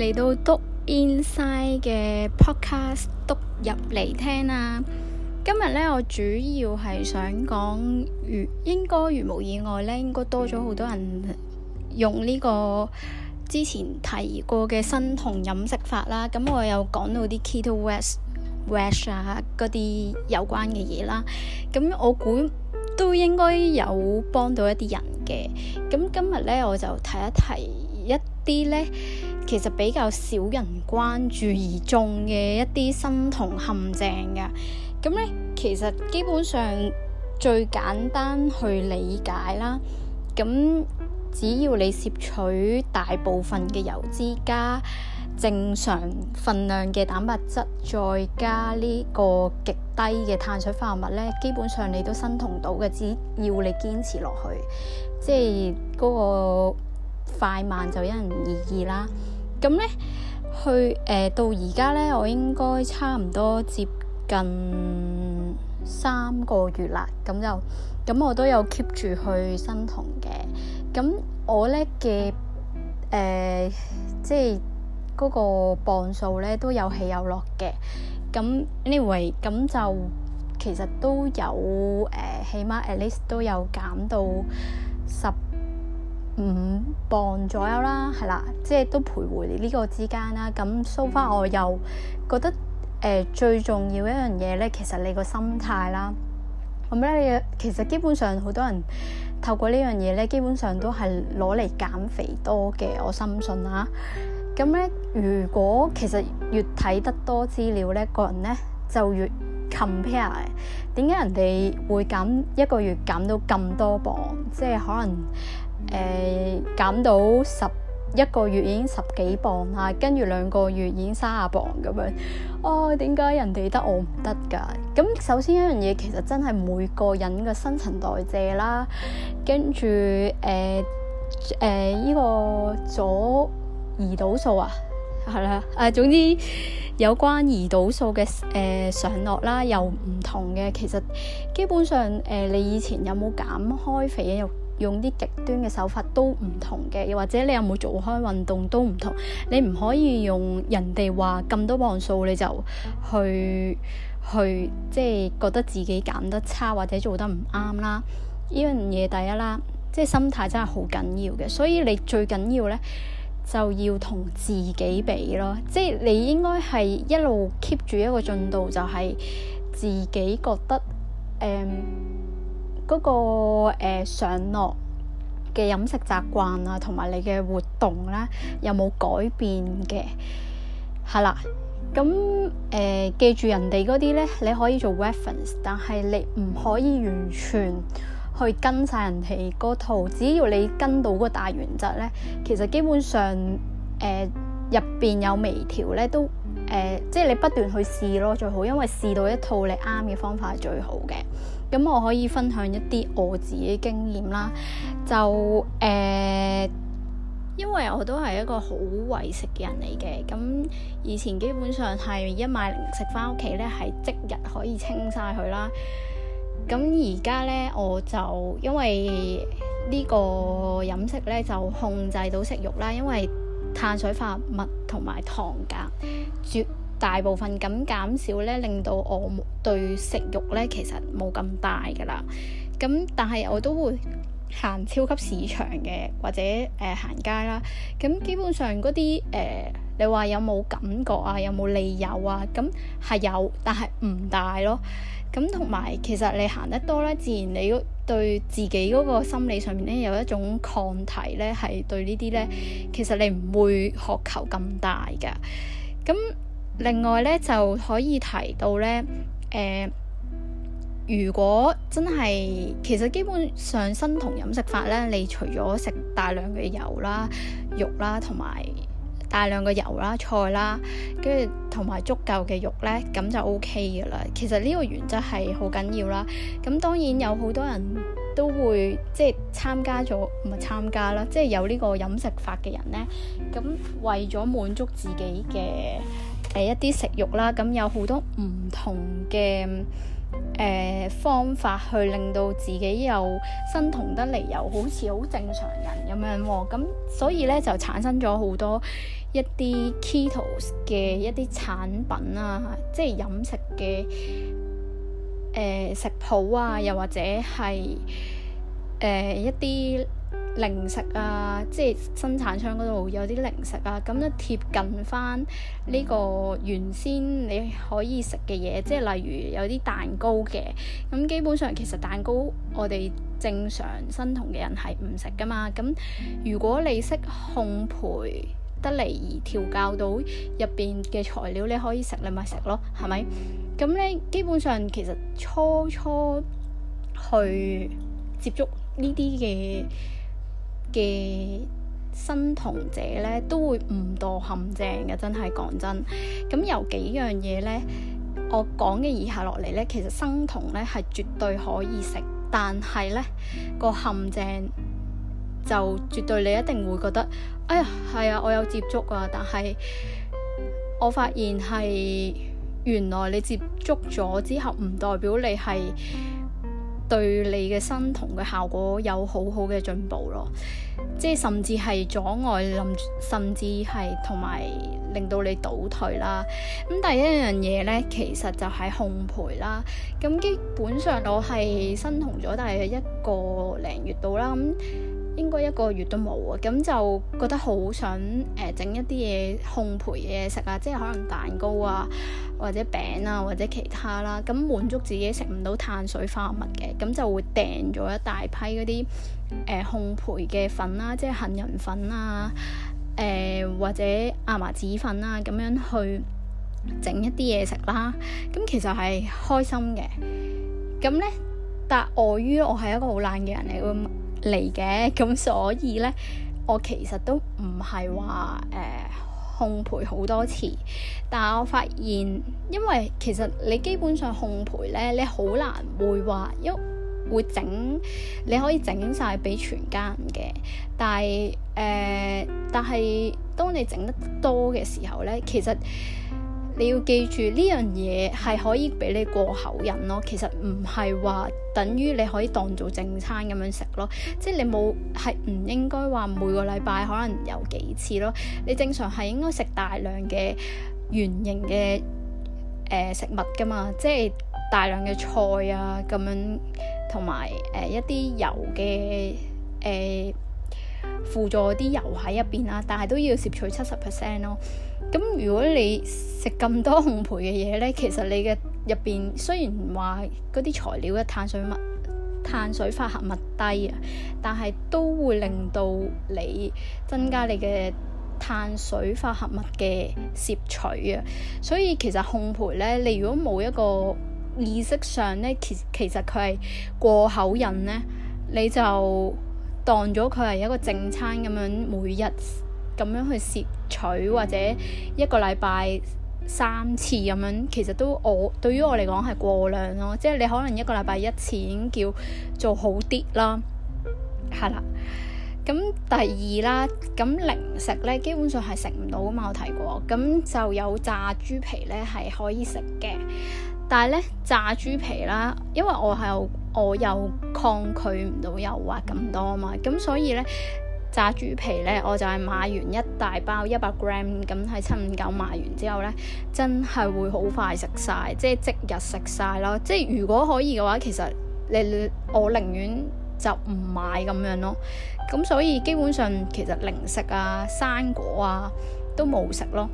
嚟到督 Inside 嘅 Podcast 督入嚟聽啦。今日咧，我主要係想講，如應該如無意外咧，應該多咗好多人用呢、這個之前提過嘅生酮飲食法啦。咁、嗯、我有講到啲 Keto West、Wash 啊嗰啲有關嘅嘢啦。咁、嗯、我估都應該有幫到一啲人嘅。咁、嗯、今日咧，我就提一提一啲咧。其實比較少人關注而中嘅一啲生酮陷阱㗎，咁咧，其實基本上最簡單去理解啦，咁只要你攝取大部分嘅油脂加正常份量嘅蛋白質，再加呢個極低嘅碳水化合物咧，基本上你都生酮到嘅，只要你堅持落去，即係嗰個快慢就因人而異啦。咁咧，去誒、呃、到而家咧，我應該差唔多接近三個月啦。咁就咁，我都有 keep 住去生酮嘅。咁我咧嘅誒，即係嗰個磅數咧都有起有落嘅。咁 anyway，咁就其實都有誒、呃，起碼 at least 都有減到五磅左右啦，係啦，即係都徘徊呢個之間啦。咁 so far 我又覺得誒、呃，最重要一樣嘢咧，其實你個心態啦。咁、嗯、咧，其實基本上好多人透過呢樣嘢咧，基本上都係攞嚟減肥多嘅。我深信啦。咁咧，如果其實越睇得多資料咧，個人咧就越 compare。點解人哋會減一個月減到咁多磅？即係可能。誒，減、呃、到十一個月已經十幾磅啦，跟住兩個月已經三十磅咁樣，哦，點解人哋得我唔得噶？咁首先一樣嘢，其實真係每個人嘅新陳代謝啦，跟住誒誒呢個左胰島素啊，係啦，誒、呃、總之有關胰島素嘅誒、呃、上落啦，又唔同嘅，其實基本上誒、呃、你以前有冇減開肥嘅肉？用啲極端嘅手法都唔同嘅，又或者你有冇做開運動都唔同。你唔可以用人哋話咁多磅數你就去去，即係覺得自己減得差或者做得唔啱啦。呢樣嘢第一啦，即係心態真係好緊要嘅。所以你最緊要呢，就要同自己比咯，即係你應該係一路 keep 住一個進度，就係自己覺得誒。嗯嗰個誒上落嘅飲食習慣啊，同埋你嘅活動咧，有冇改變嘅係啦？咁誒，記住人哋嗰啲咧，你可以做 reference，但係你唔可以完全去跟晒人哋嗰套。只要你跟到個大原則咧，其實基本上誒入邊有微調咧都。誒、呃，即係你不斷去試咯，最好，因為試到一套你啱嘅方法係最好嘅。咁我可以分享一啲我自己經驗啦。就誒、呃，因為我都係一個好為食嘅人嚟嘅，咁以前基本上係一買零食返屋企咧，係即日可以清晒佢啦。咁而家咧，我就因為個飲呢個飲食咧就控制到食慾啦，因為，碳水化合物同埋糖嘅絕大部分咁減少呢，令到我對食慾呢其實冇咁大㗎喇。咁但係我都會。行超級市場嘅或者誒行、呃、街啦，咁基本上嗰啲誒，你話有冇感覺啊？有冇利誘理由啊？咁係有，但係唔大咯。咁同埋其實你行得多咧，自然你對自己嗰個心理上面咧有一種抗體咧，係對呢啲咧，其實你唔會渴求咁大噶。咁另外咧就可以提到咧誒。呃如果真係，其實基本上生酮飲食法咧，你除咗食大量嘅油啦、肉啦，同埋大量嘅油啦、菜啦，跟住同埋足夠嘅肉咧，咁就 OK 噶啦。其實呢個原則係好緊要啦。咁當然有好多人都會即係參加咗，唔係參加啦，即係有呢個飲食法嘅人咧。咁為咗滿足自己嘅。誒、呃、一啲食慾啦，咁、嗯、有好多唔同嘅誒、呃、方法去令到自己又生酮得嚟，又好似好正常人咁樣。咁、哦嗯、所以咧就產生咗好多一啲 ketos 嘅一啲產品啊，即係飲食嘅誒、呃、食譜啊，又或者係誒、呃、一啲。零食啊，即係生產商嗰度有啲零食啊，咁咧貼近翻呢個原先你可以食嘅嘢，即係例如有啲蛋糕嘅咁。基本上其實蛋糕我哋正常生酮嘅人係唔食噶嘛。咁如果你識烘焙得嚟而調教到入邊嘅材料，你可以食，你咪食咯，係咪？咁咧，基本上其實初初去接觸呢啲嘅。嘅生酮者咧都會誤墮陷阱嘅，真係講真。咁有幾樣嘢呢？我講嘅以下落嚟呢，其實生酮呢係絕對可以食，但係呢個陷阱就絕對你一定會覺得，哎呀，係啊，我有接觸啊，但係我發現係原來你接觸咗之後，唔代表你係。對你嘅生酮嘅效果有好好嘅進步咯，即係甚至係阻礙，甚至係同埋令到你倒退啦。咁第一樣嘢呢，其實就係烘焙啦。咁基本上我係生酮咗，大約一個零月度啦。應該一個月都冇啊，咁就覺得好想誒整、呃、一啲嘢烘焙嘢食啊，即係可能蛋糕啊，或者餅啊，或者其他啦，咁滿足自己食唔到碳水化合物嘅，咁就會訂咗一大批嗰啲誒烘焙嘅粉啦、啊，即係杏仁粉啊，誒、呃、或者亞麻籽粉啊，咁樣去整一啲嘢食啦。咁其實係開心嘅，咁呢，但礙於我係一個好懶嘅人嚟。嚟嘅，咁所以呢，我其實都唔係話誒烘焙好多次，但係我發現，因為其實你基本上烘焙呢，你好難會話，因為會整你可以整晒俾全家人嘅，但係誒、呃，但係當你整得多嘅時候呢，其實。你要記住呢樣嘢係可以俾你過口癮咯，其實唔係話等於你可以當做正餐咁樣食咯，即係你冇係唔應該話每個禮拜可能有幾次咯。你正常係應該食大量嘅原型嘅誒食物噶嘛，即係大量嘅菜啊咁樣，同埋誒一啲油嘅誒。呃輔助啲油喺入邊啦，但係都要攝取七十 percent 咯。咁如果你食咁多烘焙嘅嘢呢，其實你嘅入邊雖然話嗰啲材料嘅碳水物碳水化合物低啊，但係都會令到你增加你嘅碳水化合物嘅攝取啊。所以其實烘焙呢，你如果冇一個意識上呢，其其實佢係過口癮呢，你就。當咗佢係一個正餐咁樣，每日咁樣去攝取，或者一個禮拜三次咁樣，其實都我對於我嚟講係過量囉。即係你可能一個禮拜一次已經叫做好啲啦，係啦。咁第二啦，咁零食呢基本上係食唔到㗎嘛，我提過。咁就有炸豬皮呢係可以食嘅，但係呢，炸豬皮啦，因為我係。我又抗拒唔到誘惑咁多啊嘛，咁所以呢，炸豬皮呢，我就係買完一大包一百 gram，咁喺七五九買完之後呢，真係會好快食晒，即係即日食晒咯。即係如果可以嘅話，其實你我寧願就唔買咁樣咯。咁所以基本上其實零食啊、生果啊都冇食咯。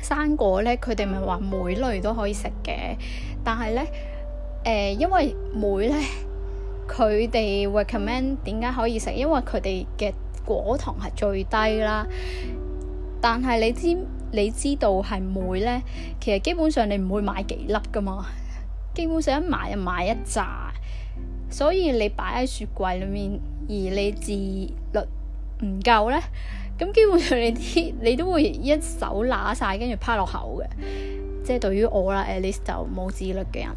生果呢，佢哋咪話每類都可以食嘅，但係呢。誒、呃，因為莓咧，佢哋 recommend 點解可以食，因為佢哋嘅果糖係最低啦。但係你知你知道係莓咧，其實基本上你唔會買幾粒噶嘛。基本上一買就買一紮，所以你擺喺雪櫃裏面，而你自律唔夠咧，咁基本上你啲你都會一手拿晒，跟住趴落口嘅。即係對於我啦，at least 就冇自律嘅人。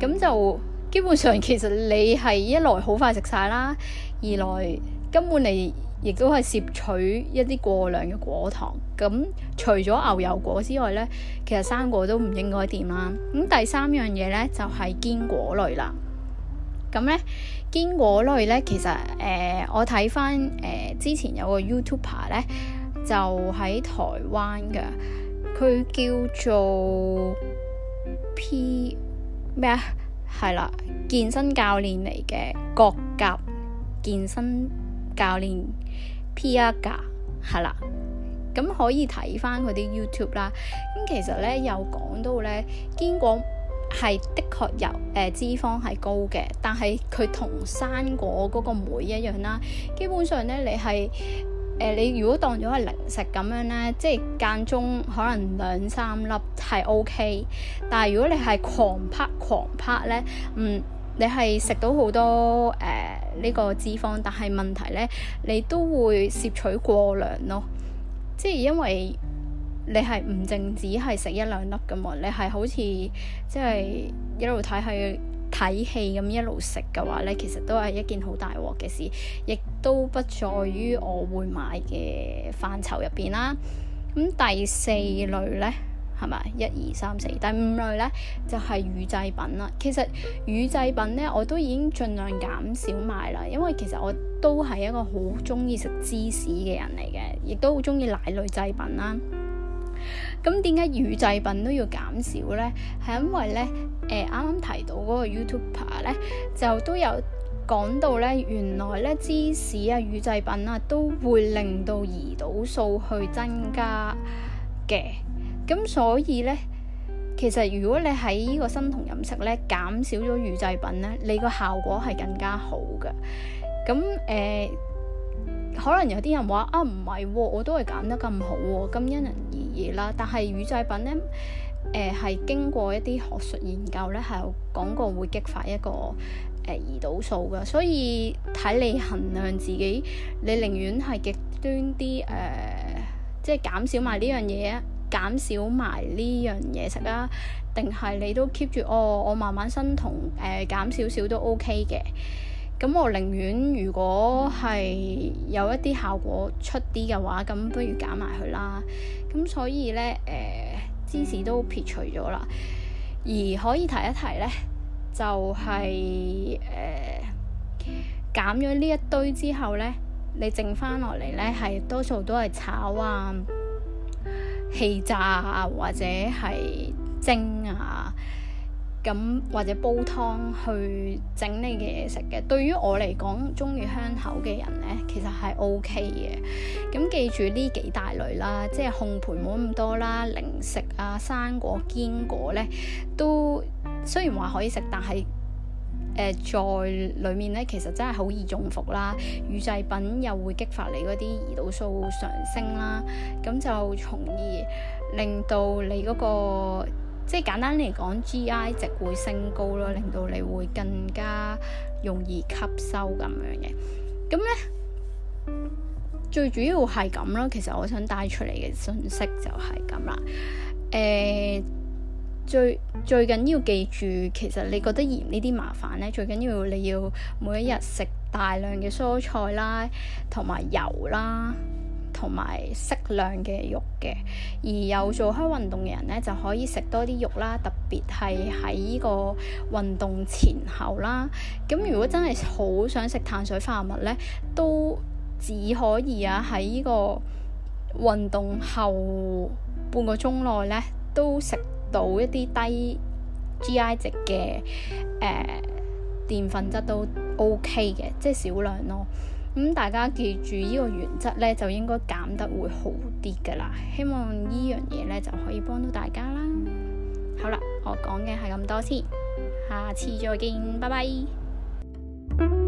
咁就基本上，其實你係一來好快食晒啦，二來根本你亦都係攝取一啲過量嘅果糖。咁除咗牛油果之外呢，其實水果都唔應該掂啦。咁第三樣嘢呢，就係、是、堅果類啦。咁呢堅果類呢，其實誒、呃、我睇翻誒之前有個 YouTuber 呢，就喺台灣嘅，佢叫做 P。咩啊？係啦，健身教練嚟嘅，國夾健身教練 P R 夾，係啦，咁可以睇翻佢啲 YouTube 啦。咁其實咧，又呢有講到咧，堅果係的確有誒脂肪係高嘅，但係佢同生果嗰個酶一樣啦。基本上咧，你係。誒、呃，你如果當咗係零食咁樣呢，即係間中可能兩三粒係 OK，但係如果你係狂拍狂拍呢，嗯，你係食到好多誒呢、呃呢個脂肪，但係問題呢，你都會攝取過量咯，即係因為你係唔淨止係食一兩粒㗎嘛，你係好似即係一路睇戲睇戲咁一路食嘅話咧，其實都係一件好大鑊嘅事，亦。都不在於我會買嘅範疇入邊啦。咁第四類呢，係咪一二三四？第五類呢，就係、是、乳製品啦。其實乳製品呢，我都已經盡量減少買啦，因為其實我都係一個好中意食芝士嘅人嚟嘅，亦都好中意奶類製品啦。咁點解乳製品都要減少呢？係因為呢，啱、呃、啱提到嗰個 YouTuber 呢就都有。講到咧，原來咧芝士啊、乳製品啊，都會令到胰島素去增加嘅。咁所以咧，其實如果你喺呢個生酮飲食咧，減少咗乳製品咧，你個效果係更加好嘅。咁誒、呃，可能有啲人話啊，唔係喎，我都係減得咁好喎、啊。咁因人而異啦。但係乳製品咧，誒、呃、係經過一啲學術研究咧，係有講過會激發一個。誒胰島素㗎，所以睇你衡量自己，你寧願係極端啲誒、呃，即係減少埋呢樣嘢，減少埋呢樣嘢食啦，定係你都 keep 住哦，我慢慢生酮誒減少,少少都 OK 嘅。咁我寧願如果係有一啲效果出啲嘅話，咁不如減埋佢啦。咁所以呢，誒、呃，芝士都撇除咗啦，而可以提一提呢。就係誒減咗呢一堆之後呢，你剩翻落嚟呢，係多數都係炒啊、氣炸啊，或者係蒸啊，咁或者煲湯去整你嘅嘢食嘅。對於我嚟講，中意香口嘅人呢，其實係 OK 嘅。咁記住呢幾大類啦，即係烘焙冇咁多啦，零食啊、生果、堅果呢都。雖然話可以食，但係誒、呃，在裏面咧，其實真係好易中伏啦。乳製品又會激發你嗰啲胰島素上升啦，咁就從而令到你嗰、嗰個即係簡單嚟講，GI 值會升高咯，令到你會更加容易吸收咁樣嘅。咁咧，最主要係咁啦。其實我想帶出嚟嘅信息就係咁啦，誒、呃。最最緊要記住，其實你覺得嫌呢啲麻煩咧，最緊要你要每一日食大量嘅蔬菜啦，同埋油啦，同埋適量嘅肉嘅。而有做開運動嘅人咧，就可以食多啲肉啦，特別係喺呢個運動前後啦。咁如果真係好想食碳水化合物咧，都只可以啊，喺呢個運動後半個鐘內咧，都食。到一啲低 GI 值嘅誒澱粉質都 OK 嘅，即係少量咯。咁大家記住呢個原則呢，就應該減得會好啲噶啦。希望呢樣嘢呢，就可以幫到大家啦。好啦，我講嘅係咁多先，下次再見，拜拜。